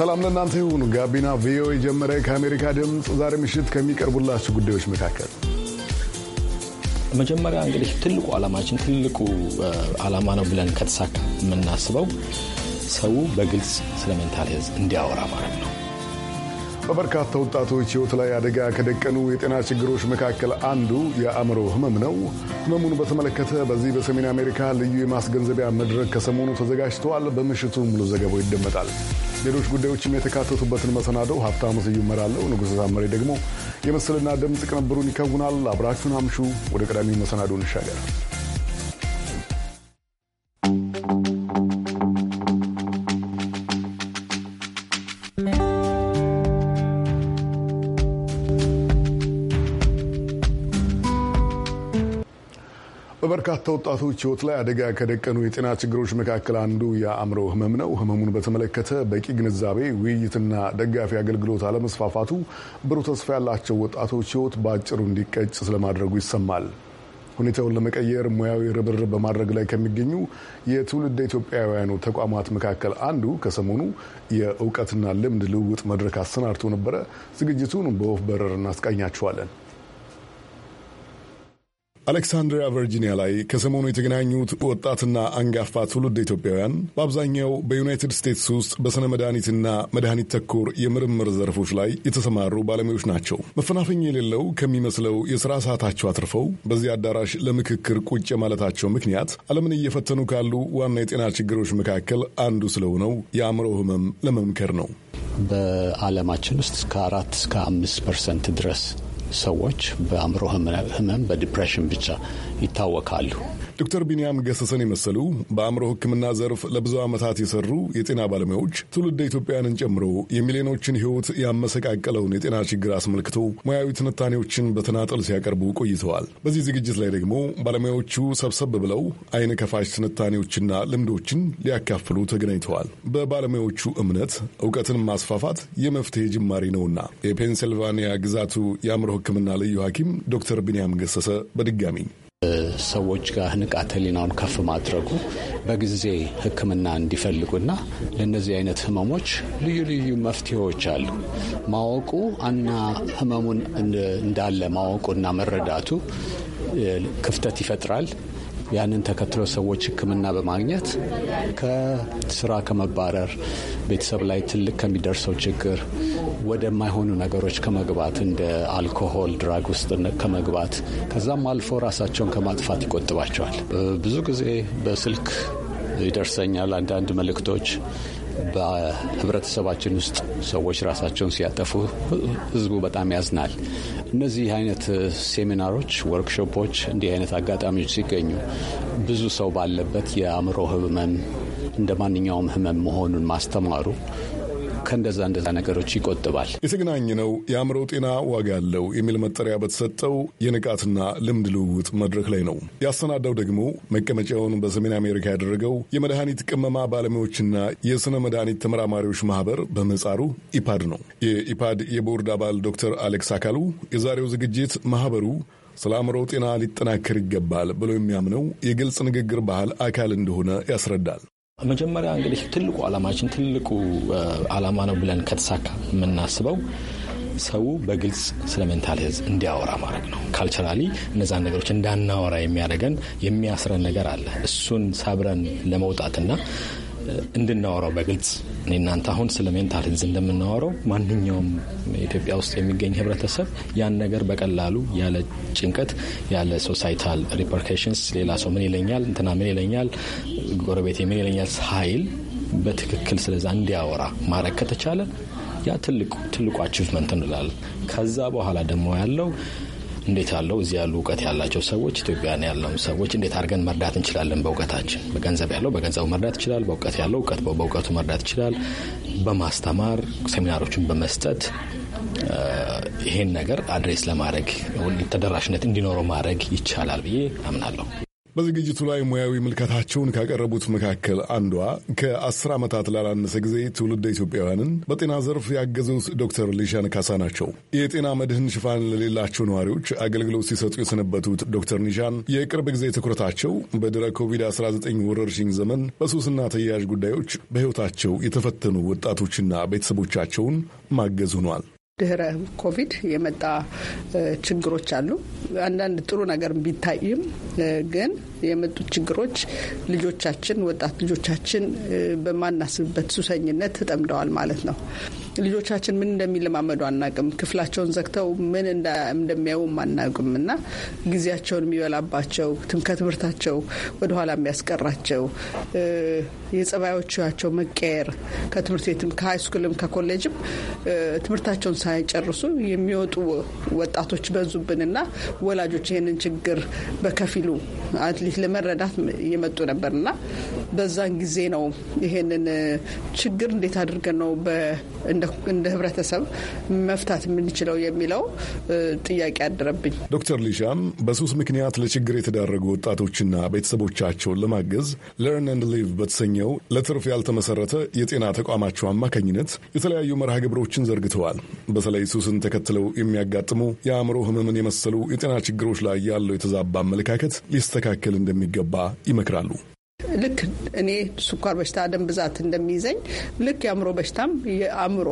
ሰላም ለእናንተ ይሁን። ጋቢና ቪኦኤ ጀመረ። ከአሜሪካ ድምፅ ዛሬ ምሽት ከሚቀርቡላችሁ ጉዳዮች መካከል መጀመሪያ እንግዲህ ትልቁ ዓላማችን ትልቁ ዓላማ ነው ብለን ከተሳካ የምናስበው ሰው በግልጽ ስለ ሜንታል እንዲያወራ ማለት ነው። በበርካታ ወጣቶች ህይወት ላይ አደጋ ከደቀኑ የጤና ችግሮች መካከል አንዱ የአእምሮ ህመም ነው። ህመሙን በተመለከተ በዚህ በሰሜን አሜሪካ ልዩ የማስገንዘቢያ መድረክ ከሰሞኑ ተዘጋጅተዋል። በምሽቱ ሙሉ ዘገባው ይደመጣል። ሌሎች ጉዳዮችም የተካተቱበትን መሰናደው ሀብታሙ ስዩም እመራለሁ። ንጉሥ ታምሬ ደግሞ የምስልና ድምፅ ቅንብሩን ይከውናል። አብራችሁን አምሹ። ወደ ቀዳሚው መሰናዶ እንሻገር። በበርካታ ወጣቶች ህይወት ላይ አደጋ ከደቀኑ የጤና ችግሮች መካከል አንዱ የአእምሮ ህመም ነው። ህመሙን በተመለከተ በቂ ግንዛቤ፣ ውይይትና ደጋፊ አገልግሎት አለመስፋፋቱ ብሩህ ተስፋ ያላቸው ወጣቶች ህይወት በአጭሩ እንዲቀጭ ስለማድረጉ ይሰማል። ሁኔታውን ለመቀየር ሙያዊ ርብርብ በማድረግ ላይ ከሚገኙ የትውልድ ኢትዮጵያውያኑ ተቋማት መካከል አንዱ ከሰሞኑ የእውቀትና ልምድ ልውውጥ መድረክ አሰናድቶ ነበረ። ዝግጅቱን በወፍ በረር እናስቃኛችኋለን። አሌክሳንድሪያ ቨርጂኒያ ላይ ከሰሞኑ የተገናኙት ወጣትና አንጋፋ ትውልድ ኢትዮጵያውያን በአብዛኛው በዩናይትድ ስቴትስ ውስጥ በሥነ መድኃኒትና መድኃኒት ተኮር የምርምር ዘርፎች ላይ የተሰማሩ ባለሙያዎች ናቸው። መፈናፈኝ የሌለው ከሚመስለው የሥራ ሰዓታቸው አትርፈው በዚህ አዳራሽ ለምክክር ቁጭ ማለታቸው ምክንያት ዓለምን እየፈተኑ ካሉ ዋና የጤና ችግሮች መካከል አንዱ ስለሆነው የአእምሮ ህመም ለመምከር ነው። በዓለማችን ውስጥ ከአራት እስከ አምስት ፐርሰንት ድረስ ሰዎች በአእምሮ ህመም በዲፕሬሽን ብቻ ይታወቃሉ። ዶክተር ቢንያም ገሰሰን የመሰሉ በአእምሮ ሕክምና ዘርፍ ለብዙ ዓመታት የሰሩ የጤና ባለሙያዎች ትውልደ ኢትዮጵያውያንን ጨምሮ የሚሊዮኖችን ሕይወት ያመሰቃቀለውን የጤና ችግር አስመልክቶ ሙያዊ ትንታኔዎችን በተናጠል ሲያቀርቡ ቆይተዋል። በዚህ ዝግጅት ላይ ደግሞ ባለሙያዎቹ ሰብሰብ ብለው አይነ ከፋሽ ትንታኔዎችና ልምዶችን ሊያካፍሉ ተገናኝተዋል። በባለሙያዎቹ እምነት እውቀትን ማስፋፋት የመፍትሄ ጅማሬ ነውና የፔንሲልቫኒያ ግዛቱ የአእምሮ ሕክምና ልዩ ሐኪም ዶክተር ቢንያም ገሰሰ በድጋሚ ሰዎች ጋር ንቃተ ህሊናውን ከፍ ማድረጉ በጊዜ ህክምና እንዲፈልጉና ለእነዚህ አይነት ህመሞች ልዩ ልዩ መፍትሄዎች አሉ። ማወቁ እና ህመሙን እንዳለ ማወቁና መረዳቱ ክፍተት ይፈጥራል። ያንን ተከትሎ ሰዎች ህክምና በማግኘት ከስራ ከመባረር ቤተሰብ ላይ ትልቅ ከሚደርሰው ችግር ወደማይሆኑ ነገሮች ከመግባት እንደ አልኮሆል፣ ድራግ ውስጥ ከመግባት ከዛም አልፎ ራሳቸውን ከማጥፋት ይቆጥባቸዋል። ብዙ ጊዜ በስልክ ይደርሰኛል አንዳንድ መልእክቶች በህብረተሰባችን ውስጥ ሰዎች ራሳቸውን ሲያጠፉ ህዝቡ በጣም ያዝናል። እነዚህ አይነት ሴሚናሮች፣ ወርክሾፖች እንዲህ አይነት አጋጣሚዎች ሲገኙ ብዙ ሰው ባለበት የአእምሮ ህመም እንደ ማንኛውም ህመም መሆኑን ማስተማሩ ከእንደዛ እንደዛ ነገሮች ይቆጥባል። የተገናኘ ነው የአእምሮ ጤና ዋጋ ያለው የሚል መጠሪያ በተሰጠው የንቃትና ልምድ ልውውጥ መድረክ ላይ ነው። ያሰናዳው ደግሞ መቀመጫውን በሰሜን አሜሪካ ያደረገው የመድኃኒት ቅመማ ባለሙያዎችና የሥነ መድኃኒት ተመራማሪዎች ማህበር በምህጻሩ ኢፓድ ነው። የኢፓድ የቦርድ አባል ዶክተር አሌክስ አካሉ የዛሬው ዝግጅት ማህበሩ ስለ አእምሮ ጤና ሊጠናከር ይገባል ብሎ የሚያምነው የግልጽ ንግግር ባህል አካል እንደሆነ ያስረዳል። መጀመሪያ እንግዲህ ትልቁ ዓላማችን ትልቁ አላማ ነው ብለን ከተሳካ የምናስበው ሰው በግልጽ ስለ ሜንታል ሄዝ እንዲያወራ ማድረግ ነው። ካልቸራሊ እነዛን ነገሮች እንዳናወራ የሚያደርገን የሚያስረን ነገር አለ። እሱን ሰብረን ለመውጣትና እንድናወራው በግልጽ እናንተ አሁን ስለ ሜንታል ሄልዝ እንደምናወራው ማንኛውም ኢትዮጵያ ውስጥ የሚገኝ ህብረተሰብ ያን ነገር በቀላሉ ያለ ጭንቀት ያለ ሶሳይታል ሪፐርኬሽንስ ሌላ ሰው ምን ይለኛል፣ እንትና ምን ይለኛል፣ ጎረቤቴ ምን ይለኛል ሀይል በትክክል ስለዛ እንዲያወራ ማድረግ ከተቻለ ያ ትልቁ አቺቭመንት እንላለን። ከዛ በኋላ ደግሞ ያለው እንዴት ያለው እዚህ ያሉ እውቀት ያላቸው ሰዎች ኢትዮጵያን ያለው ሰዎች እንዴት አድርገን መርዳት እንችላለን? በእውቀታችን በገንዘብ ያለው በገንዘቡ መርዳት ይችላል። በእውቀት ያለው እውቀት በእውቀቱ መርዳት ይችላል። በማስተማር ሴሚናሮችን በመስጠት ይሄን ነገር አድሬስ ለማድረግ ተደራሽነት እንዲኖረው ማድረግ ይቻላል ብዬ አምናለሁ። በዝግጅቱ ላይ ሙያዊ ምልከታቸውን ካቀረቡት መካከል አንዷ ከአስር ዓመታት ላላነሰ ጊዜ ትውልደ ኢትዮጵያውያንን በጤና ዘርፍ ያገዙት ዶክተር ሊሻን ካሳ ናቸው። የጤና መድህን ሽፋን ለሌላቸው ነዋሪዎች አገልግሎት ሲሰጡ የሰነበቱት ዶክተር ኒሻን የቅርብ ጊዜ ትኩረታቸው በድረ ኮቪድ-19 ወረርሽኝ ዘመን በሱስና ተያያዥ ጉዳዮች በሕይወታቸው የተፈተኑ ወጣቶችና ቤተሰቦቻቸውን ማገዝ ሆኗል። ድህረ ኮቪድ የመጣ ችግሮች አሉ። አንዳንድ ጥሩ ነገር ቢታይም ግን የመጡት ችግሮች ልጆቻችን ወጣት ልጆቻችን በማናስብበት ሱሰኝነት ተጠምደዋል ማለት ነው። ልጆቻችን ምን እንደሚለማመዱ አናቅም። ክፍላቸውን ዘግተው ምን እንደሚያዩም አናቅም እና ጊዜያቸውን የሚበላባቸው ከትምህርታቸው ወደኋላ የሚያስቀራቸው የጸባዮቻቸው መቀየር ከትምህርት ቤትም ከሃይስኩልም ከኮሌጅም ትምህርታቸውን ሳይጨርሱ የሚወጡ ወጣቶች በዙብንና ወላጆች ይህንን ችግር በከፊሉ አትሊት ለመረዳት እየመጡ ነበርና በዛን ጊዜ ነው ይሄንን ችግር እንዴት አድርገን ነው እንደ ህብረተሰብ መፍታት የምንችለው የሚለው ጥያቄ አደረብኝ። ዶክተር ሊሻም በሱስ ምክንያት ለችግር የተዳረጉ ወጣቶችና ቤተሰቦቻቸውን ለማገዝ ለርን ኤንድ ሊቭ በተሰኘው ለትርፍ ያልተመሰረተ የጤና ተቋማቸው አማካኝነት የተለያዩ መርሃ ግብሮችን ዘርግተዋል። በተለይ ሱስን ተከትለው የሚያጋጥሙ የአእምሮ ህመምን የመሰሉ የጤና ችግሮች ላይ ያለው የተዛባ አመለካከት ሊስተካከል እንደሚገባ ይመክራሉ። ልክ እኔ ስኳር በሽታ ደም ብዛት እንደሚይዘኝ ልክ የአእምሮ በሽታም የአእምሮ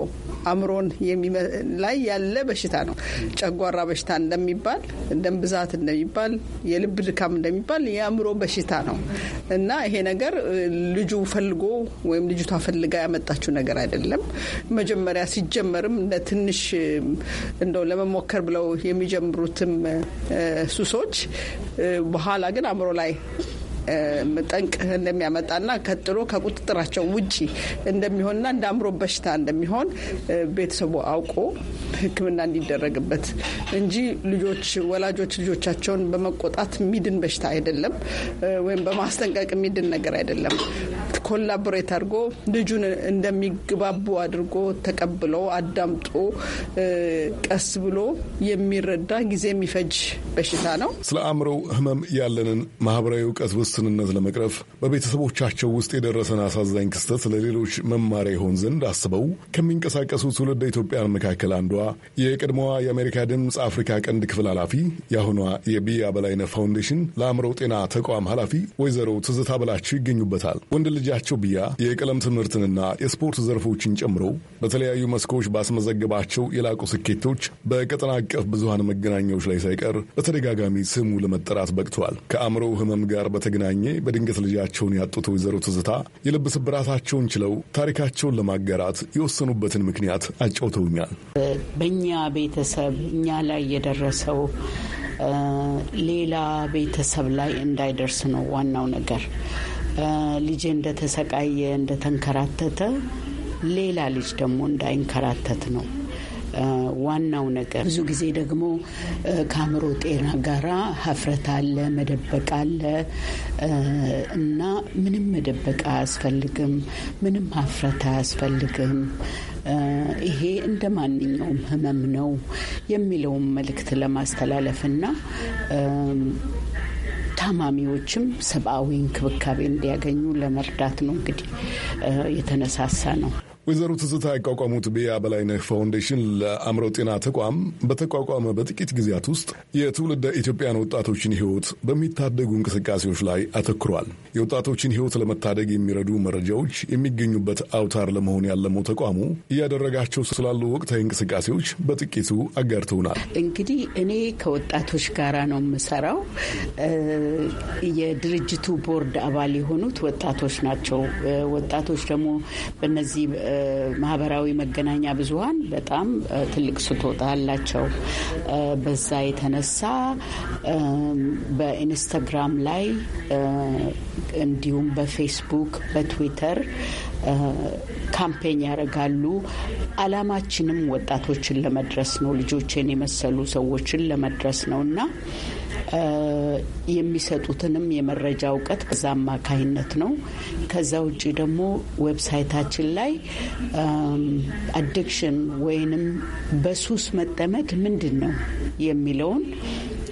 አእምሮን ላይ ያለ በሽታ ነው። ጨጓራ በሽታ እንደሚባል፣ ደም ብዛት እንደሚባል፣ የልብ ድካም እንደሚባል የአእምሮ በሽታ ነው እና ይሄ ነገር ልጁ ፈልጎ ወይም ልጅቷ ፈልጋ ያመጣችው ነገር አይደለም። መጀመሪያ ሲጀመርም እንደ ትንሽ እንደው ለመሞከር ብለው የሚጀምሩትም ሱሶች በኋላ ግን አእምሮ ላይ ጠንቅ እንደሚያመጣና ከጥሎ ከቁጥጥራቸው ውጪ እንደሚሆንና እንደ አእምሮ በሽታ እንደሚሆን ቤተሰቡ አውቆ ሕክምና እንዲደረግበት እንጂ ልጆች ወላጆች ልጆቻቸውን በመቆጣት የሚድን በሽታ አይደለም፣ ወይም በማስጠንቀቅ የሚድን ነገር አይደለም። ኮላቦሬት አድርጎ ልጁን እንደሚግባቡ አድርጎ ተቀብሎ አዳምጦ ቀስ ብሎ የሚረዳ ጊዜ የሚፈጅ በሽታ ነው። ስለ አእምሮ ህመም ያለንን ማህበራዊ እውቀት ውስጥ ውስንነት ለመቅረፍ በቤተሰቦቻቸው ውስጥ የደረሰን አሳዛኝ ክስተት ለሌሎች መማሪያ ይሆን ዘንድ አስበው ከሚንቀሳቀሱ ትውልደ ኢትዮጵያን መካከል አንዷ የቀድሞዋ የአሜሪካ ድምፅ አፍሪካ ቀንድ ክፍል ኃላፊ የአሁኗ የቢያ በላይነ ፋውንዴሽን ለአእምሮ ጤና ተቋም ኃላፊ ወይዘሮ ትዝታ በላቸው ይገኙበታል። ወንድ ልጃቸው ቢያ የቀለም ትምህርትንና የስፖርት ዘርፎችን ጨምሮ በተለያዩ መስኮች ባስመዘገባቸው የላቁ ስኬቶች በቀጠና አቀፍ ብዙሃን መገናኛዎች ላይ ሳይቀር በተደጋጋሚ ስሙ ለመጠራት በቅተዋል። ከአእምሮ ህመም ጋር በተገ ተገናኘ በድንገት ልጃቸውን ያጡት ወይዘሮ ትዝታ የልብ ስብራታቸውን ችለው ታሪካቸውን ለማገራት የወሰኑበትን ምክንያት አጫውተውኛል። በእኛ ቤተሰብ እኛ ላይ የደረሰው ሌላ ቤተሰብ ላይ እንዳይደርስ ነው ዋናው ነገር። ልጄ እንደተሰቃየ እንደተንከራተተ ሌላ ልጅ ደግሞ እንዳይንከራተት ነው ዋናው ነገር። ብዙ ጊዜ ደግሞ ከአእምሮ ጤና ጋራ ሀፍረት አለ፣ መደበቅ አለ እና ምንም መደበቅ አያስፈልግም፣ ምንም ሀፍረት አያስፈልግም። ይሄ እንደ ማንኛውም ህመም ነው የሚለውን መልእክት እና ታማሚዎችም ሰብአዊ እንክብካቤ እንዲያገኙ ለመርዳት ነው እንግዲህ የተነሳሳ ነው። ወይዘሮ ትዝታ ያቋቋሙት ብያ በላይነህ ፋውንዴሽን ለአእምሮ ጤና ተቋም በተቋቋመ በጥቂት ጊዜያት ውስጥ የትውልደ ኢትዮጵያን ወጣቶችን ህይወት በሚታደጉ እንቅስቃሴዎች ላይ አተኩሯል። የወጣቶችን ህይወት ለመታደግ የሚረዱ መረጃዎች የሚገኙበት አውታር ለመሆን ያለመው ተቋሙ እያደረጋቸው ስላሉ ወቅታዊ እንቅስቃሴዎች በጥቂቱ አጋርተውናል። እንግዲህ እኔ ከወጣቶች ጋራ ነው የምሰራው። የድርጅቱ ቦርድ አባል የሆኑት ወጣቶች ናቸው። ወጣቶች ደግሞ በነዚህ ማህበራዊ መገናኛ ብዙሀን በጣም ትልቅ ስጦታ አላቸው። በዛ የተነሳ በኢንስታግራም ላይ እንዲሁም በፌስቡክ፣ በትዊተር ካምፔን ያደርጋሉ። አላማችንም ወጣቶችን ለመድረስ ነው፣ ልጆችን የመሰሉ ሰዎችን ለመድረስ ነው እና የሚሰጡትንም የመረጃ እውቀት ከዛ አማካይነት ነው። ከዛ ውጭ ደግሞ ዌብሳይታችን ላይ አዲክሽን ወይንም በሱስ መጠመድ ምንድን ነው የሚለውን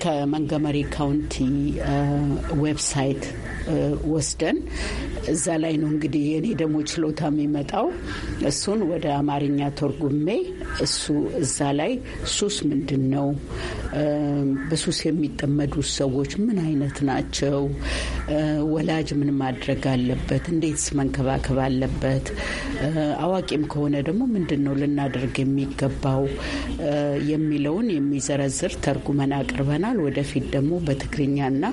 ከመንገመሪ ካውንቲ ዌብሳይት ወስደን እዛ ላይ ነው እንግዲህ የኔ ደግሞ ችሎታ የሚመጣው። እሱን ወደ አማርኛ ተርጉሜ እሱ እዛ ላይ ሱስ ምንድን ነው፣ በሱስ የሚጠመዱ ሰዎች ምን አይነት ናቸው፣ ወላጅ ምን ማድረግ አለበት፣ እንዴትስ መንከባከብ አለበት፣ አዋቂም ከሆነ ደግሞ ምንድን ነው ልናደርግ የሚገባው የሚለውን የሚዘረዝር ተርጉመን አቅርበናል። ወደፊት ደግሞ በትግርኛና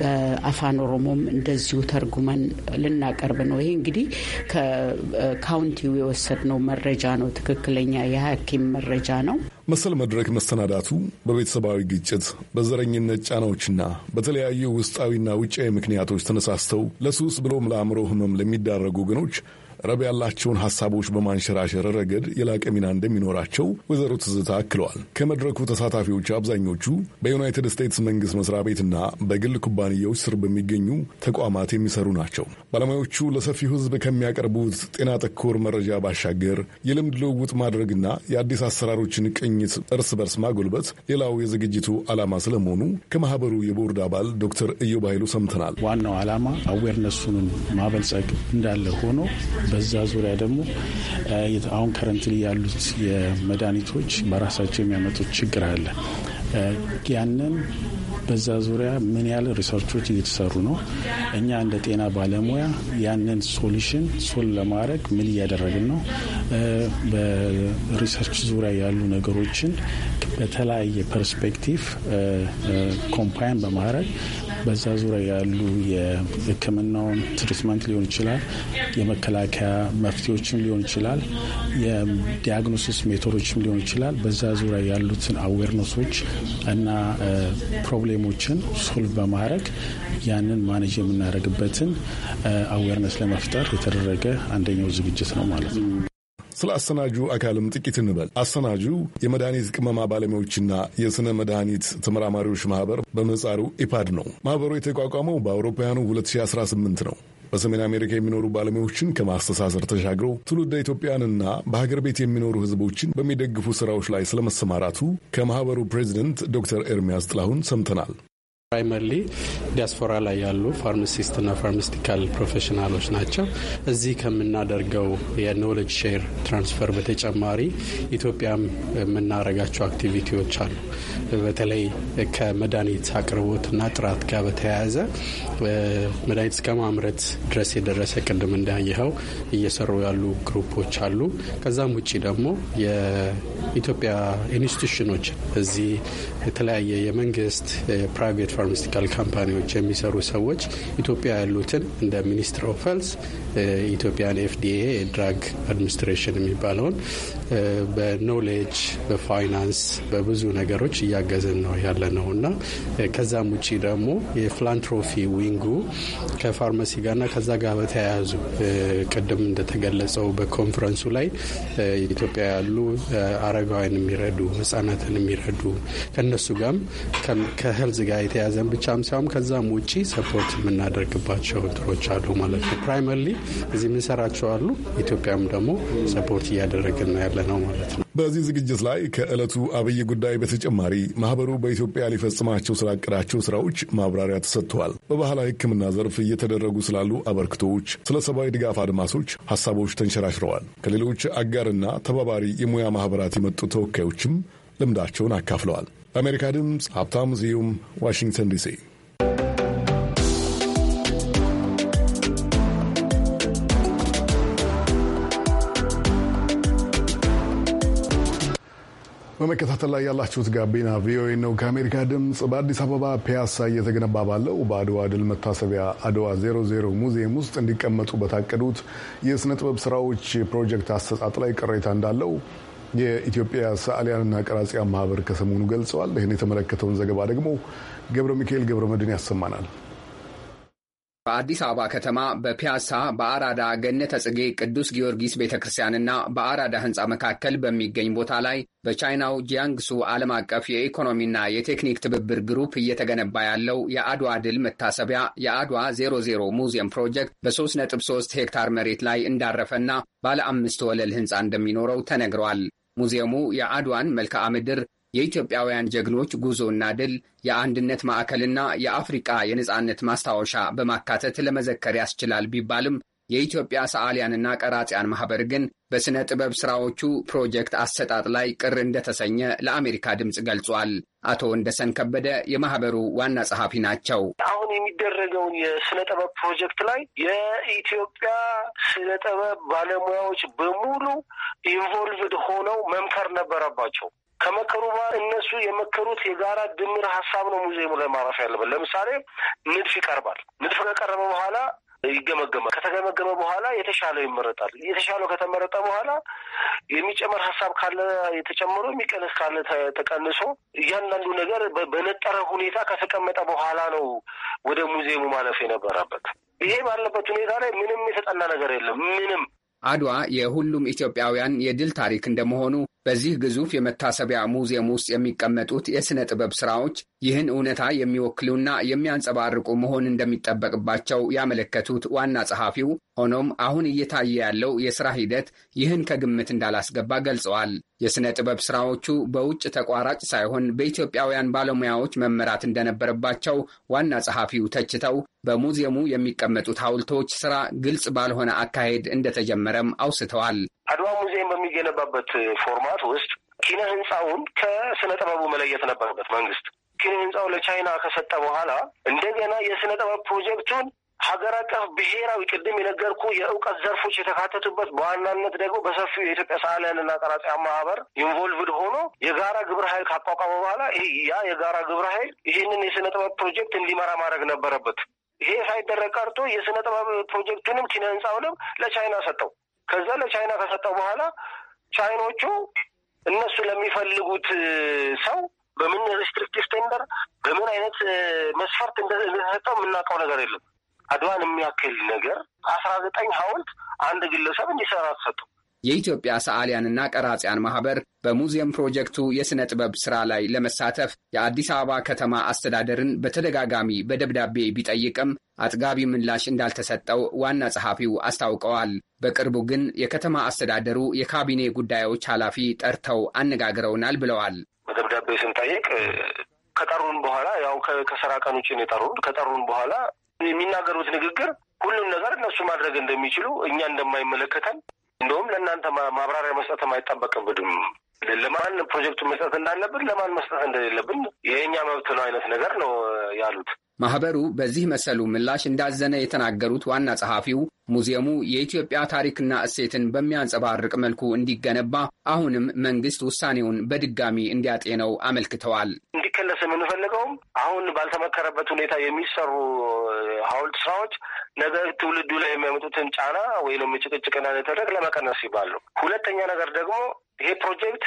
በአፋን ኦሮሞ ደግሞም እንደዚሁ ተርጉመን ልናቀርብ ነው። ይሄ እንግዲህ ከካውንቲው የወሰድነው መረጃ ነው። ትክክለኛ የሐኪም መረጃ ነው። መሰል መድረክ መሰናዳቱ በቤተሰባዊ ግጭት፣ በዘረኝነት ጫናዎችና በተለያዩ ውስጣዊና ውጫዊ ምክንያቶች ተነሳስተው ለሱስ ብሎም ለአእምሮ ህመም ለሚዳረጉ ወገኖች ረብ ያላቸውን ሀሳቦች በማንሸራሸር ረገድ የላቀ ሚና እንደሚኖራቸው ወይዘሮ ትዝታ አክለዋል። ከመድረኩ ተሳታፊዎች አብዛኞቹ በዩናይትድ ስቴትስ መንግስት መስሪያ ቤትና በግል ኩባንያዎች ስር በሚገኙ ተቋማት የሚሰሩ ናቸው። ባለሙያዎቹ ለሰፊው ሕዝብ ከሚያቀርቡት ጤና ተኮር መረጃ ባሻገር የልምድ ልውውጥ ማድረግና የአዲስ አሰራሮችን ቅኝት እርስ በርስ ማጎልበት ሌላው የዝግጅቱ ዓላማ ስለመሆኑ ከማህበሩ የቦርድ አባል ዶክተር ኢዮብ ኃይሉ ሰምተናል። ዋናው ዓላማ አዌርነሱን ማበልጸግ እንዳለ ሆኖ በዛ ዙሪያ ደግሞ አሁን ከረንትሊ ያሉት የመድኃኒቶች በራሳቸው የሚያመጡት ችግር አለ። ያንን በዛ ዙሪያ ምን ያህል ሪሰርቾች እየተሰሩ ነው? እኛ እንደ ጤና ባለሙያ ያንን ሶሉሽን ሶል ለማድረግ ምን እያደረግን ነው? በሪሰርች ዙሪያ ያሉ ነገሮችን በተለያየ ፐርስፔክቲቭ ኮምፓይን በማድረግ በዛ ዙሪያ ያሉ የሕክምናውን ትሪትመንት ሊሆን ይችላል፣ የመከላከያ መፍትሄዎችም ሊሆን ይችላል፣ የዲያግኖሲስ ሜቶዶችም ሊሆን ይችላል። በዛ ዙሪያ ያሉትን አዌርነሶች እና ፕሮብሌሞችን ሶልቭ በማድረግ ያንን ማኔጅ የምናደርግበትን አዌርነስ ለመፍጠር የተደረገ አንደኛው ዝግጅት ነው ማለት ነው። ስለ አሰናጁ አካልም ጥቂት እንበል። አሰናጁ የመድኃኒት ቅመማ ባለሙያዎችና የሥነ መድኃኒት ተመራማሪዎች ማህበር በምህጻሩ ኢፓድ ነው። ማህበሩ የተቋቋመው በአውሮፓውያኑ 2018 ነው። በሰሜን አሜሪካ የሚኖሩ ባለሙያዎችን ከማስተሳሰር ተሻግሮ ትውልደ ኢትዮጵያንና በሀገር ቤት የሚኖሩ ህዝቦችን በሚደግፉ ስራዎች ላይ ስለመሰማራቱ ከማህበሩ ፕሬዚደንት ዶክተር ኤርሚያስ ጥላሁን ሰምተናል። ፕራይመርሊ ዲያስፖራ ላይ ያሉ ፋርማሲስትና ፋርማስቲካል ፕሮፌሽናሎች ናቸው። እዚህ ከምናደርገው የኖሌጅ ሼር ትራንስፈር በተጨማሪ ኢትዮጵያም የምናረጋቸው አክቲቪቲዎች አሉ። በተለይ ከመድኃኒት አቅርቦትና ጥራት ጋር በተያያዘ መድኃኒት እስከ ማምረት ድረስ የደረሰ ቅድም እንዳየኸው እየሰሩ ያሉ ግሩፖች አሉ። ከዛም ውጭ ደግሞ የኢትዮጵያ ኢንስቲቱሽኖች እዚህ የተለያየ የመንግስት ፕራይቬት ፋርማሲቲካል ካምፓኒዎች የሚሰሩ ሰዎች ኢትዮጵያ ያሉትን እንደ ሚኒስትር ኦፍ ሄልዝ ኢትዮጵያን ኤፍዲኤ የድራግ አድሚኒስትሬሽን የሚባለውን በኖሌጅ በፋይናንስ በብዙ ነገሮች እያገዝን ነው ያለ ነው እና ከዛም ውጭ ደግሞ የፍላንትሮፊ ዊንጉ ከፋርማሲ ጋርና ከዛ ጋር በተያያዙ ቅድም እንደተገለጸው በኮንፈረንሱ ላይ ኢትዮጵያ ያሉ አረጋውያን የሚረዱ ህጻናትን የሚረዱ ከነሱ ጋም ከህልዝ ጋር የተያዘን ብቻም ሳይሆን ከዛም ውጭ ሰፖርት የምናደርግባቸው እንትሮች አሉ ማለት ነው። ፕራይመርሊ እዚህ የምንሰራቸው አሉ። ኢትዮጵያም ደግሞ ሰፖርት እያደረግን ያለ ነው ማለት ነው። በዚህ ዝግጅት ላይ ከዕለቱ አብይ ጉዳይ በተጨማሪ ማህበሩ በኢትዮጵያ ሊፈጽማቸው ስላቀዳቸው ስራዎች ማብራሪያ ተሰጥተዋል። በባህላዊ ሕክምና ዘርፍ እየተደረጉ ስላሉ አበርክቶዎች፣ ስለ ሰብአዊ ድጋፍ አድማሶች ሀሳቦች ተንሸራሽረዋል። ከሌሎች አጋርና ተባባሪ የሙያ ማህበራት የመጡ ተወካዮችም ልምዳቸውን አካፍለዋል። ለአሜሪካ ድምፅ ሀብታሙ ስዩም ዋሽንግተን ዲሲ በመከታተል ላይ ያላችሁት ጋቢና ቪኦኤ ነው ከአሜሪካ ድምፅ። በአዲስ አበባ ፒያሳ እየተገነባ ባለው በአድዋ ድል መታሰቢያ አድዋ 00 ሙዚየም ውስጥ እንዲቀመጡ በታቀዱት የስነ ጥበብ ስራዎች ፕሮጀክት አሰጣጥ ላይ ቅሬታ እንዳለው የኢትዮጵያ ሰዓሊያንና ቀራጺያን ማህበር ከሰሞኑ ገልጸዋል። ይህን የተመለከተውን ዘገባ ደግሞ ገብረ ሚካኤል ገብረ መድን ያሰማናል። በአዲስ አበባ ከተማ በፒያሳ በአራዳ ገነተ ጽጌ ቅዱስ ጊዮርጊስ ቤተ ክርስቲያንና በአራዳ ሕንፃ መካከል በሚገኝ ቦታ ላይ በቻይናው ጂያንግሱ ዓለም አቀፍ የኢኮኖሚና የቴክኒክ ትብብር ግሩፕ እየተገነባ ያለው የአድዋ ድል መታሰቢያ የአድዋ 00 ሙዚየም ፕሮጀክት በ3.3 ሄክታር መሬት ላይ እንዳረፈና ባለ አምስት ወለል ሕንፃ እንደሚኖረው ተነግሯል። ሙዚየሙ የአድዋን መልክዓ ምድር የኢትዮጵያውያን ጀግኖች ጉዞና ድል የአንድነት ማዕከልና የአፍሪቃ የነፃነት ማስታወሻ በማካተት ለመዘከር ያስችላል ቢባልም የኢትዮጵያ ሰዓሊያንና ቀራጺያን ማኅበር ግን በሥነ ጥበብ ሥራዎቹ ፕሮጀክት አሰጣጥ ላይ ቅር እንደተሰኘ ለአሜሪካ ድምፅ ገልጿል። አቶ ወንደሰን ከበደ የማኅበሩ ዋና ጸሐፊ ናቸው። አሁን የሚደረገውን የሥነ ጥበብ ፕሮጀክት ላይ የኢትዮጵያ ሥነ ጥበብ ባለሙያዎች በሙሉ ኢንቮልቭድ ሆነው መምከር ነበረባቸው። ከመከሩ በኋላ እነሱ የመከሩት የጋራ ድምር ሀሳብ ነው ሙዚየሙ ላይ ማረፍ ያለበት። ለምሳሌ ንድፍ ይቀርባል። ንድፍ ከቀረበ በኋላ ይገመገማል። ከተገመገመ በኋላ የተሻለው ይመረጣል። የተሻለው ከተመረጠ በኋላ የሚጨመር ሀሳብ ካለ የተጨምሮ፣ የሚቀንስ ካለ ተቀንሶ፣ እያንዳንዱ ነገር በነጠረ ሁኔታ ከተቀመጠ በኋላ ነው ወደ ሙዚየሙ ማለፍ የነበረበት። ይሄ ባለበት ሁኔታ ላይ ምንም የተጠና ነገር የለም። ምንም አድዋ የሁሉም ኢትዮጵያውያን የድል ታሪክ እንደመሆኑ በዚህ ግዙፍ የመታሰቢያ ሙዚየም ውስጥ የሚቀመጡት የሥነ ጥበብ ሥራዎች ይህን እውነታ የሚወክሉና የሚያንጸባርቁ መሆን እንደሚጠበቅባቸው ያመለከቱት ዋና ጸሐፊው፣ ሆኖም አሁን እየታየ ያለው የሥራ ሂደት ይህን ከግምት እንዳላስገባ ገልጸዋል። የሥነ ጥበብ ሥራዎቹ በውጭ ተቋራጭ ሳይሆን በኢትዮጵያውያን ባለሙያዎች መመራት እንደነበረባቸው ዋና ጸሐፊው ተችተው በሙዚየሙ የሚቀመጡት ሐውልቶች ሥራ ግልጽ ባልሆነ አካሄድ እንደተጀመረም አውስተዋል። አድዋ ሙዚየም በሚገነባበት ፎርማ ጥናት ውስጥ ኪነ ህንፃውን ከስነ ጥበቡ መለየት ነበረበት መንግስት። ኪነ ህንፃው ለቻይና ከሰጠ በኋላ እንደገና የስነ ጥበብ ፕሮጀክቱን ሀገር አቀፍ ብሔራዊ ቅድም የነገርኩ የእውቀት ዘርፎች የተካተቱበት በዋናነት ደግሞ በሰፊው የኢትዮጵያ ሰዓሊያንና ቀራጺያን ማህበር ኢንቮልቭድ ሆኖ የጋራ ግብረ ኃይል ካቋቋመ በኋላ ይሄ ያ የጋራ ግብረ ኃይል ይህንን የስነ ጥበብ ፕሮጀክት እንዲመራ ማድረግ ነበረበት። ይሄ ሳይደረግ ቀርቶ የስነ ጥበብ ፕሮጀክቱንም ኪነ ህንፃውንም ለቻይና ሰጠው። ከዛ ለቻይና ከሰጠው በኋላ ቻይኖቹ እነሱ ለሚፈልጉት ሰው በምን ሪስትሪክቲቭ ቴንደር በምን አይነት መስፈርት እንደተሰጠው የምናውቀው ነገር የለም። አድዋን የሚያክል ነገር አስራ ዘጠኝ ሀውልት አንድ ግለሰብ እንዲሰራ ተሰጠው። የኢትዮጵያ ሰዓሊያንና ቀራጺያን ማህበር በሙዚየም ፕሮጀክቱ የሥነ ጥበብ ሥራ ላይ ለመሳተፍ የአዲስ አበባ ከተማ አስተዳደርን በተደጋጋሚ በደብዳቤ ቢጠይቅም አጥጋቢ ምላሽ እንዳልተሰጠው ዋና ጸሐፊው አስታውቀዋል። በቅርቡ ግን የከተማ አስተዳደሩ የካቢኔ ጉዳዮች ኃላፊ ጠርተው አነጋግረውናል ብለዋል። በደብዳቤ ስንጠይቅ ከጠሩን በኋላ ያው ከስራ ቀን ውጭ የጠሩን ከጠሩን በኋላ የሚናገሩት ንግግር ሁሉም ነገር እነሱ ማድረግ እንደሚችሉ እኛ እንደማይመለከተን እንደውም ለእናንተ ማብራሪያ መስጠት አይጠበቅብንም። ለማን ፕሮጀክቱን መስጠት እንዳለብን፣ ለማን መስጠት እንደሌለብን የእኛ መብት ነው አይነት ነገር ነው ያሉት። ማኅበሩ በዚህ መሰሉ ምላሽ እንዳዘነ የተናገሩት ዋና ጸሐፊው ሙዚየሙ የኢትዮጵያ ታሪክና እሴትን በሚያንጸባርቅ መልኩ እንዲገነባ አሁንም መንግስት ውሳኔውን በድጋሚ እንዲያጤነው አመልክተዋል። እንዲከለስ የምንፈልገውም አሁን ባልተመከረበት ሁኔታ የሚሰሩ ሐውልት ስራዎች ነገ ትውልዱ ላይ የሚያመጡትን ጫና ወይም ጭቅጭቅና ተደረግ ለመቀነስ ይባሉ። ሁለተኛ ነገር ደግሞ ይሄ ፕሮጀክት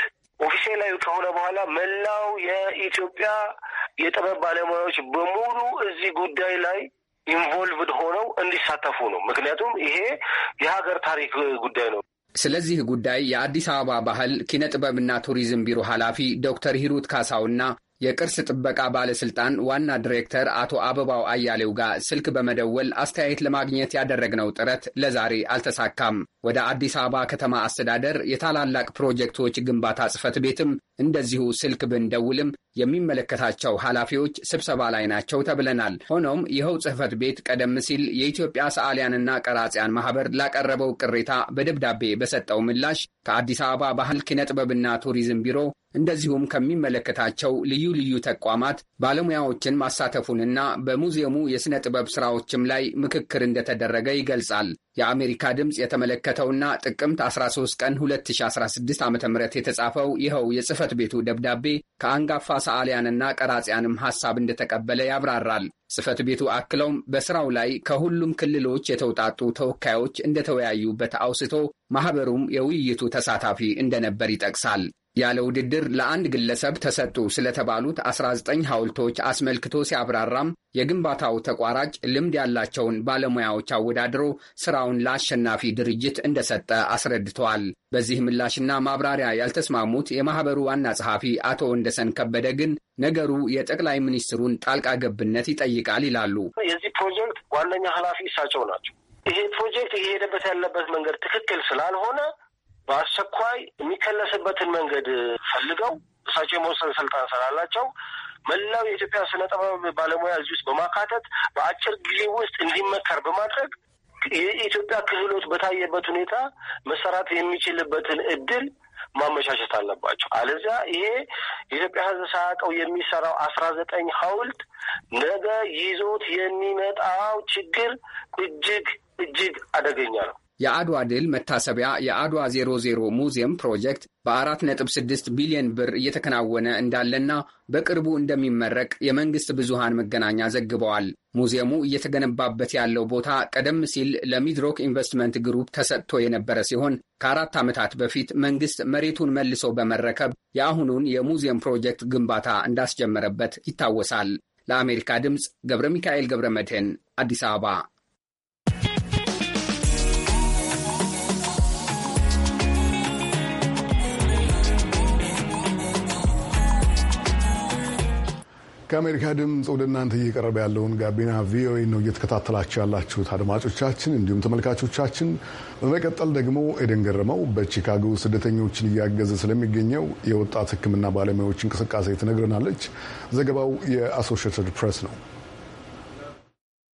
ላይ ከሆነ በኋላ መላው የኢትዮጵያ የጥበብ ባለሙያዎች በሙሉ እዚህ ጉዳይ ላይ ኢንቮልቭድ ሆነው እንዲሳተፉ ነው። ምክንያቱም ይሄ የሀገር ታሪክ ጉዳይ ነው። ስለዚህ ጉዳይ የአዲስ አበባ ባህል ኪነ ጥበብና ቱሪዝም ቢሮ ኃላፊ ዶክተር ሂሩት ካሳውና የቅርስ ጥበቃ ባለስልጣን ዋና ዲሬክተር አቶ አበባው አያሌው ጋር ስልክ በመደወል አስተያየት ለማግኘት ያደረግነው ጥረት ለዛሬ አልተሳካም። ወደ አዲስ አበባ ከተማ አስተዳደር የታላላቅ ፕሮጀክቶች ግንባታ ጽህፈት ቤትም እንደዚሁ ስልክ ብንደውልም የሚመለከታቸው ኃላፊዎች ስብሰባ ላይ ናቸው ተብለናል። ሆኖም ይኸው ጽህፈት ቤት ቀደም ሲል የኢትዮጵያ ሰዓሊያንና ቀራጺያን ማህበር ላቀረበው ቅሬታ በደብዳቤ በሰጠው ምላሽ ከአዲስ አበባ ባህል ኪነጥበብና ቱሪዝም ቢሮ እንደዚሁም ከሚመለከታቸው ልዩ ልዩ ተቋማት ባለሙያዎችን ማሳተፉንና በሙዚየሙ የሥነ ጥበብ ሥራዎችም ላይ ምክክር እንደተደረገ ይገልጻል። የአሜሪካ ድምፅ የተመለከተውና ጥቅምት 13 ቀን 2016 ዓ ም የተጻፈው ይኸው የጽህፈት ቤቱ ደብዳቤ ከአንጋፋ ሰዓሊያንና ቀራጺያንም ሐሳብ እንደተቀበለ ያብራራል። ጽህፈት ቤቱ አክለውም በሥራው ላይ ከሁሉም ክልሎች የተውጣጡ ተወካዮች እንደተወያዩበት አውስቶ ማኅበሩም የውይይቱ ተሳታፊ እንደነበር ይጠቅሳል። ያለ ውድድር ለአንድ ግለሰብ ተሰጡ ስለተባሉት 19 ሐውልቶች አስመልክቶ ሲያብራራም የግንባታው ተቋራጭ ልምድ ያላቸውን ባለሙያዎች አወዳድሮ ስራውን ለአሸናፊ ድርጅት እንደሰጠ አስረድተዋል። በዚህ ምላሽና ማብራሪያ ያልተስማሙት የማኅበሩ ዋና ጸሐፊ አቶ ወንደሰን ከበደ ግን ነገሩ የጠቅላይ ሚኒስትሩን ጣልቃ ገብነት ይጠይቃል ይላሉ። የዚህ ፕሮጀክት ዋነኛ ኃላፊ እሳቸው ናቸው። ይሄ ፕሮጀክት እየሄደበት ያለበት መንገድ ትክክል ስላልሆነ በአስቸኳይ የሚከለስበትን መንገድ ፈልገው እሳቸው የመወሰን ስልጣን ስላላቸው መላው የኢትዮጵያ ስነ ጥበብ ባለሙያ እዚህ ውስጥ በማካተት በአጭር ጊዜ ውስጥ እንዲመከር በማድረግ የኢትዮጵያ ክህሎት በታየበት ሁኔታ መሰራት የሚችልበትን እድል ማመቻቸት አለባቸው። አለዚያ ይሄ የኢትዮጵያ ሕዝብ ሳያውቀው የሚሰራው አስራ ዘጠኝ ሀውልት ነገ ይዞት የሚመጣው ችግር እጅግ እጅግ አደገኛ ነው። የአድዋ ድል መታሰቢያ የአድዋ 00 ሙዚየም ፕሮጀክት በ4.6 ቢሊዮን ብር እየተከናወነ እንዳለና በቅርቡ እንደሚመረቅ የመንግሥት ብዙሃን መገናኛ ዘግበዋል። ሙዚየሙ እየተገነባበት ያለው ቦታ ቀደም ሲል ለሚድሮክ ኢንቨስትመንት ግሩፕ ተሰጥቶ የነበረ ሲሆን ከአራት ዓመታት በፊት መንግሥት መሬቱን መልሶ በመረከብ የአሁኑን የሙዚየም ፕሮጀክት ግንባታ እንዳስጀመረበት ይታወሳል። ለአሜሪካ ድምፅ ገብረ ሚካኤል ገብረ መድህን አዲስ አበባ ከአሜሪካ ድምፅ ወደ እናንተ እየቀረበ ያለውን ጋቢና ቪኦኤ ነው እየተከታተላችሁ ያላችሁት አድማጮቻችን፣ እንዲሁም ተመልካቾቻችን። በመቀጠል ደግሞ ኤደን ገረመው በቺካጎ ስደተኞችን እያገዘ ስለሚገኘው የወጣት ሕክምና ባለሙያዎች እንቅስቃሴ ትነግረናለች። ዘገባው የአሶሽትድ ፕሬስ ነው።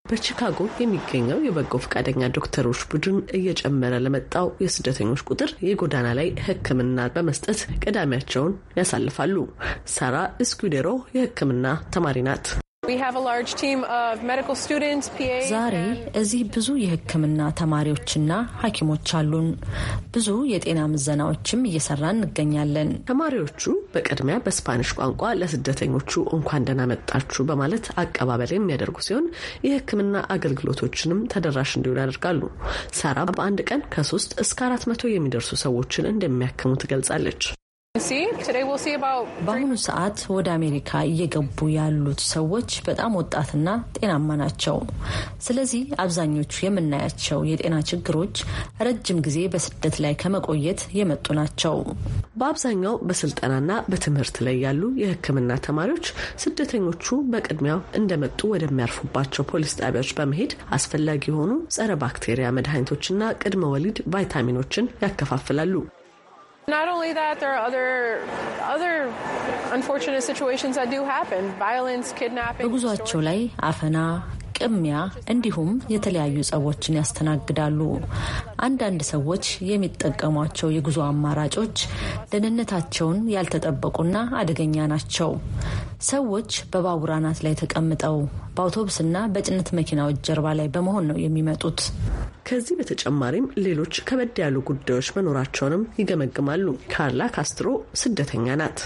በቺካጎ የሚገኘው የበጎ ፈቃደኛ ዶክተሮች ቡድን እየጨመረ ለመጣው የስደተኞች ቁጥር የጎዳና ላይ ሕክምና በመስጠት ቀዳሚያቸውን ያሳልፋሉ። ሳራ እስኩዴሮ የሕክምና ተማሪ ናት። ዛሬ እዚህ ብዙ የሕክምና ተማሪዎችና ሐኪሞች አሉን። ብዙ የጤና ምዘናዎችም እየሰራ እንገኛለን። ተማሪዎቹ በቅድሚያ በስፓኒሽ ቋንቋ ለስደተኞቹ እንኳን ደህና መጣችሁ በማለት አቀባበል የሚያደርጉ ሲሆን የሕክምና አገልግሎቶችንም ተደራሽ እንዲሆን ያደርጋሉ። ሳራ በአንድ ቀን ከሶስት እስከ አራት መቶ የሚደርሱ ሰዎችን እንደሚያክሙ ትገልጻለች። በአሁኑ ሰዓት ወደ አሜሪካ እየገቡ ያሉት ሰዎች በጣም ወጣትና ጤናማ ናቸው። ስለዚህ አብዛኞቹ የምናያቸው የጤና ችግሮች ረጅም ጊዜ በስደት ላይ ከመቆየት የመጡ ናቸው። በአብዛኛው በስልጠናና በትምህርት ላይ ያሉ የሕክምና ተማሪዎች ስደተኞቹ በቅድሚያው እንደመጡ ወደሚያርፉባቸው ፖሊስ ጣቢያዎች በመሄድ አስፈላጊ የሆኑ ጸረ ባክቴሪያ መድኃኒቶችና ቅድመ ወሊድ ቫይታሚኖችን ያከፋፍላሉ። Not only that, there are other other unfortunate situations that do happen. Violence, kidnapping. በጉዟቸው ላይ አፈና ቅሚያ እንዲሁም የተለያዩ ጸቦችን ያስተናግዳሉ። አንዳንድ ሰዎች የሚጠቀሟቸው የጉዞ አማራጮች ደህንነታቸውን ያልተጠበቁና አደገኛ ናቸው። ሰዎች በባቡር አናት ላይ ተቀምጠው በአውቶቡስና በጭነት መኪናዎች ጀርባ ላይ በመሆን ነው የሚመጡት። ከዚህ በተጨማሪም ሌሎች ከበድ ያሉ ጉዳዮች መኖራቸውንም ይገመግማሉ። ካርላ ካስትሮ ስደተኛ ናት።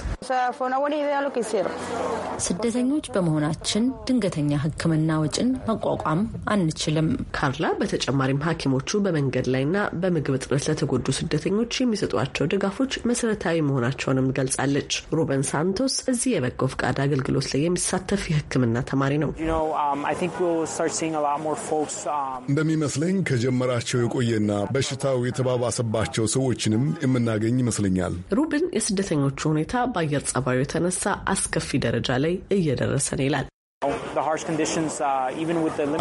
ስደተኞች በመሆናችን ድንገተኛ ሕክምና ወጪን መቋቋም አንችልም። ካርላ በተጨማሪም ሐኪሞቹ በመንገድ ላይና በምግብ እጥረት ለተጎዱ ስደተኞች የሚሰጧቸው ድጋፎች መሰረታዊ መሆናቸውንም ገልጻለች። ሩበን ሳንቶስ እዚህ የበጎ ፍቃድ ረዳድ አገልግሎት ላይ የሚሳተፍ የሕክምና ተማሪ ነው። um, um, እንደሚመስለኝ ከጀመራቸው የቆየና በሽታው የተባባሰባቸው ሰዎችንም የምናገኝ ይመስለኛል። ሩብን የስደተኞቹ ሁኔታ በአየር ጸባዩ የተነሳ አስከፊ ደረጃ ላይ እየደረሰን ይላል። Uh,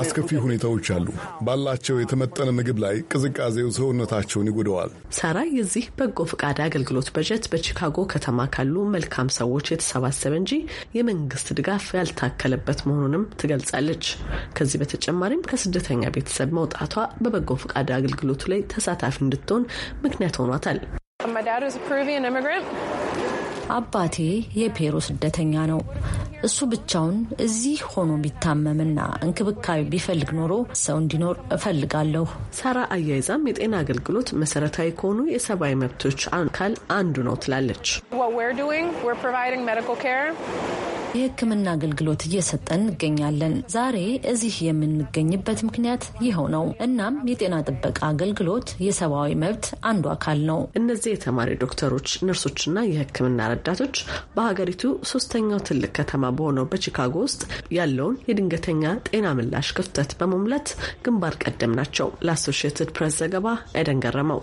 አስከፊ ሁኔታዎች አሉ። ባላቸው የተመጠነ ምግብ ላይ ቅዝቃዜው ሰውነታቸውን ይጎደዋል። ሳራ የዚህ በጎ ፈቃድ አገልግሎት በጀት በቺካጎ ከተማ ካሉ መልካም ሰዎች የተሰባሰበ እንጂ የመንግስት ድጋፍ ያልታከለበት መሆኑንም ትገልጻለች። ከዚህ በተጨማሪም ከስደተኛ ቤተሰብ መውጣቷ በበጎ ፈቃድ አገልግሎቱ ላይ ተሳታፊ እንድትሆን ምክንያት ሆኗታል። አባቴ የፔሩ ስደተኛ ነው። እሱ ብቻውን እዚህ ሆኖ ቢታመምና እንክብካቤ ቢፈልግ ኖሮ ሰው እንዲኖር እፈልጋለሁ። ሳራ አያይዛም የጤና አገልግሎት መሰረታዊ ከሆኑ የሰብአዊ መብቶች አካል አንዱ ነው ትላለች። የሕክምና አገልግሎት እየሰጠን እንገኛለን። ዛሬ እዚህ የምንገኝበት ምክንያት ይኸው ነው። እናም የጤና ጥበቃ አገልግሎት የሰብአዊ መብት አንዱ አካል ነው። እነዚህ የተማሪ ዶክተሮች፣ ነርሶችና የሕክምና ረዳቶች በሀገሪቱ ሶስተኛው ትልቅ ከተማ በሆነው በቺካጎ ውስጥ ያለውን የድንገተኛ ጤና ምላሽ ክፍተት በመሙላት ግንባር ቀደም ናቸው። ለአሶሽየትድ ፕሬስ ዘገባ ኤደን ገረመው።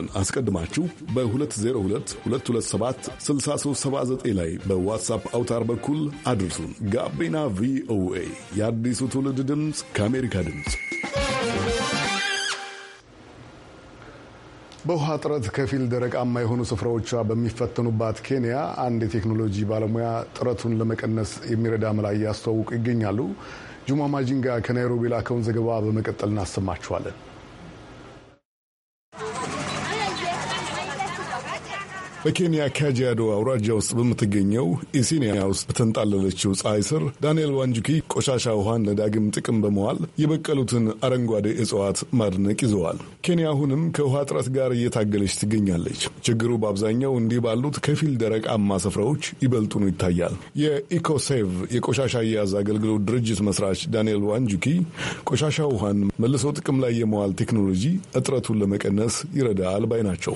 ቁጥርን አስቀድማችሁ በ 6379 ላይ በዋትሳፕ አውታር በኩል አድርሱን። ጋቢና ቪኦኤ የአዲሱ ትውልድ ድምፅ ከአሜሪካ ድምፅ በውሃ ጥረት ከፊል ደረቃማ የሆኑ ስፍራዎቿ በሚፈተኑባት ኬንያ አንድ የቴክኖሎጂ ባለሙያ ጥረቱን ለመቀነስ የሚረዳ መላ እያስተዋውቁ ይገኛሉ። ጁማ ማጂንጋ ከናይሮቢ ላከውን ዘገባ በመቀጠል እናሰማችኋለን። በኬንያ ካጂያዶ አውራጃ ውስጥ በምትገኘው ኢሲኒያ ውስጥ በተንጣለለችው ፀሐይ ስር ዳንኤል ዋንጁኪ ቆሻሻ ውሃን ለዳግም ጥቅም በመዋል የበቀሉትን አረንጓዴ እጽዋት ማድነቅ ይዘዋል። ኬንያ አሁንም ከውሃ እጥረት ጋር እየታገለች ትገኛለች። ችግሩ በአብዛኛው እንዲህ ባሉት ከፊል ደረቃማ ስፍራዎች ይበልጡኑ ይታያል። የኢኮሴቭ የቆሻሻ አያያዝ አገልግሎት ድርጅት መስራች ዳንኤል ዋንጁኪ ቆሻሻ ውሃን መልሶ ጥቅም ላይ የመዋል ቴክኖሎጂ እጥረቱን ለመቀነስ ይረዳል ባይ ናቸው።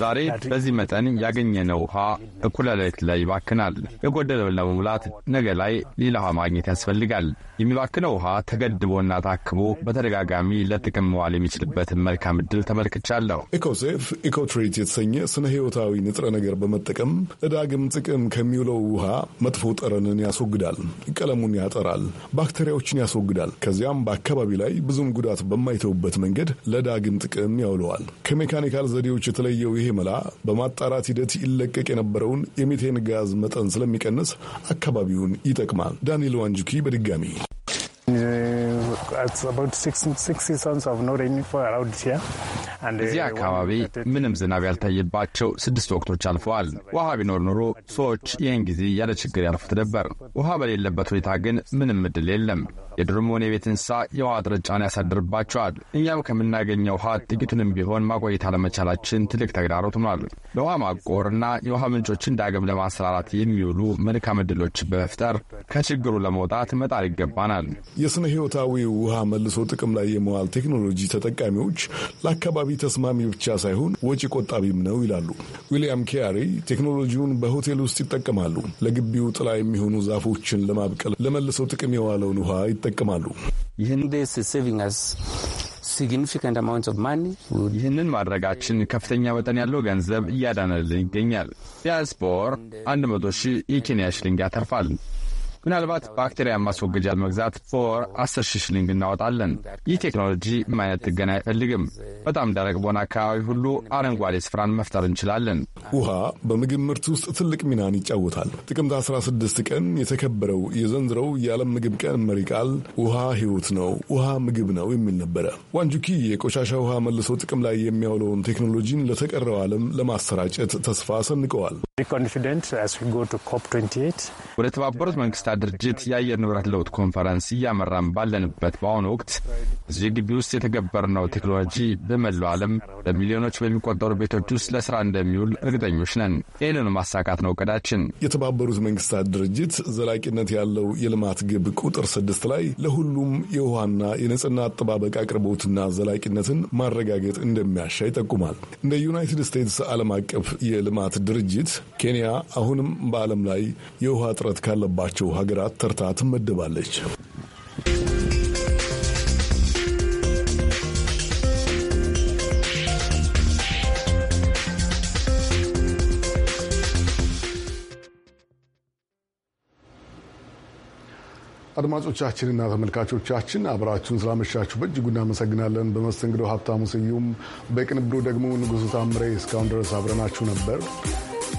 ዛሬ በዚህ መጠን ያገኘነው ውሃ እኩለ ሌሊት ላይ ይባክናል። የጎደለውን ለመሙላት ነገ ላይ ሌላ ውሃ ማግኘት ያስፈልጋል። የሚባክነው ውሃ ተገድቦና ታክቦ በተደጋጋሚ ለጥቅም መዋል የሚችልበትን መልካም እድል ተመልክቻለሁ። ኢኮሴፍ ኢኮትሬት የተሰኘ ስነ ህይወታዊ ንጥረ ነገር በመጠቀም ለዳግም ጥቅም ከሚውለው ውሃ መጥፎ ጠረንን ያስወግዳል፣ ቀለሙን ያጠራል፣ ባክቴሪያዎችን ያስወግዳል። ከዚያም በአካባቢ ላይ ብዙም ጉዳት በማይተውበት መንገድ ለዳግም ጥቅም ያውለዋል። ከሜካኒካል ዘዴዎች የተለየው ይሄ መላ በማጣራት ሂደት ይለቀቅ የነበረውን የሜቴን ጋዝ መጠን ስለሚቀንስ አካባቢውን ይጠቅማል። ዳንኤል ዋንጁኪ በድጋሚ Uh, uh, እዚህ አካባቢ ምንም ዝናብ ያልታየባቸው ስድስት ወቅቶች አልፈዋል። ውሃ ቢኖር ኖሮ ሰዎች ይህን ጊዜ ያለ ችግር ያልፉት ነበር። ውሃ በሌለበት ሁኔታ ግን ምንም እድል የለም። የዱርም ሆነ የቤት እንስሳ የውሃ እጥረት ጫና ያሳድርባቸዋል። እኛም ከምናገኘው ውሃ ጥቂቱንም ቢሆን ማቆየት አለመቻላችን ትልቅ ተግዳሮት ሆኗል። ለውሃ ማቆርና የውሃ ምንጮችን ዳግም ለማሰራራት የሚውሉ መልካም እድሎች በመፍጠር ከችግሩ ለመውጣት መጣር ይገባናል። የሥነ ሕይወታዊ ውሃ መልሶ ጥቅም ላይ የመዋል ቴክኖሎጂ ተጠቃሚዎች ለአካባቢ ተስማሚ ብቻ ሳይሆን ወጪ ቆጣቢም ነው ይላሉ። ዊልያም ኪያሪ ቴክኖሎጂውን በሆቴል ውስጥ ይጠቀማሉ። ለግቢው ጥላ የሚሆኑ ዛፎችን ለማብቀል ለመልሶ ጥቅም የዋለውን ውሃ ይጠቀማሉ። ይህንን ማድረጋችን ከፍተኛ መጠን ያለው ገንዘብ እያዳነልን ይገኛል። ዲያስፖር 100 ሺህ የኬንያ ሽልንግ ያተርፋል። ምናልባት ባክቴሪያ ማስወገጃ ለመግዛት በወር አስር ሺህ ሽሊንግ እናወጣለን። ይህ ቴክኖሎጂ ምን አይነት ጥገና አይፈልግም። በጣም ደረቅ በሆነ አካባቢ ሁሉ አረንጓዴ ስፍራን መፍጠር እንችላለን። ውሃ በምግብ ምርት ውስጥ ትልቅ ሚናን ይጫወታል። ጥቅምት 16 ቀን የተከበረው የዘንድሮው የዓለም ምግብ ቀን መሪ ቃል ውሃ ህይወት ነው፣ ውሃ ምግብ ነው የሚል ነበረ። ዋንጁኪ የቆሻሻ ውሃ መልሶ ጥቅም ላይ የሚያውለውን ቴክኖሎጂን ለተቀረው ዓለም ለማሰራጨት ተስፋ ሰንቀዋል። ወደ ተባበሩት መንግስታት ድርጅት የአየር ንብረት ለውጥ ኮንፈረንስ እያመራን ባለንበት በአሁኑ ወቅት እዚህ ግቢ ውስጥ የተገበርነው ቴክኖሎጂ በመላው ዓለም በሚሊዮኖች በሚቆጠሩ ቤቶች ውስጥ ለስራ እንደሚውል እርግጠኞች ነን። ይህንኑ ማሳካት ነው እቅዳችን። የተባበሩት መንግስታት ድርጅት ዘላቂነት ያለው የልማት ግብ ቁጥር ስድስት ላይ ለሁሉም የውሃና የንጽህና አጠባበቅ አቅርቦትና ዘላቂነትን ማረጋገጥ እንደሚያሻ ይጠቁማል። እንደ ዩናይትድ ስቴትስ ዓለም አቀፍ የልማት ድርጅት ኬንያ አሁንም በዓለም ላይ የውሃ እጥረት ካለባቸው ሀገራት ተርታ ትመደባለች። አድማጮቻችንና ተመልካቾቻችን አብራችሁን ስላመሻችሁ በእጅጉ እናመሰግናለን። በመስተንግዶ ሀብታሙ ስዩም፣ በቅንብሩ ደግሞ ንጉሱ ታምሬ እስካሁን ድረስ አብረናችሁ ነበር።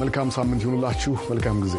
መልካም ሳምንት ይሁኑላችሁ። መልካም ጊዜ